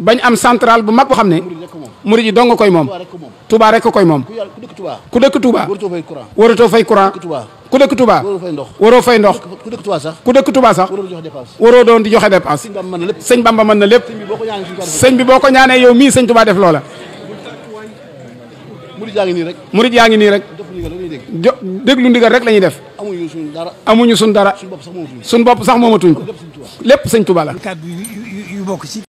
bañ am central bu mag boo xam ne murid yi dong koy moom Touba rek koy moom ku dëkk Touba waratoo fay courant ku dëkk Touba waroo fay ndox ku dëkk Touba sax waroo doon di joxe dépense sëñ Bamba mën na lépp sëñ bi boo ko ñaanee yow mii sëñ Touba def loola murid yaa ngi nii rek jo déglu ndigal rek la ñuy def amuñu suñ dara suñ bopp sax moomatuñ ko lépp sëñ Touba la. kàddu yu bokk ci.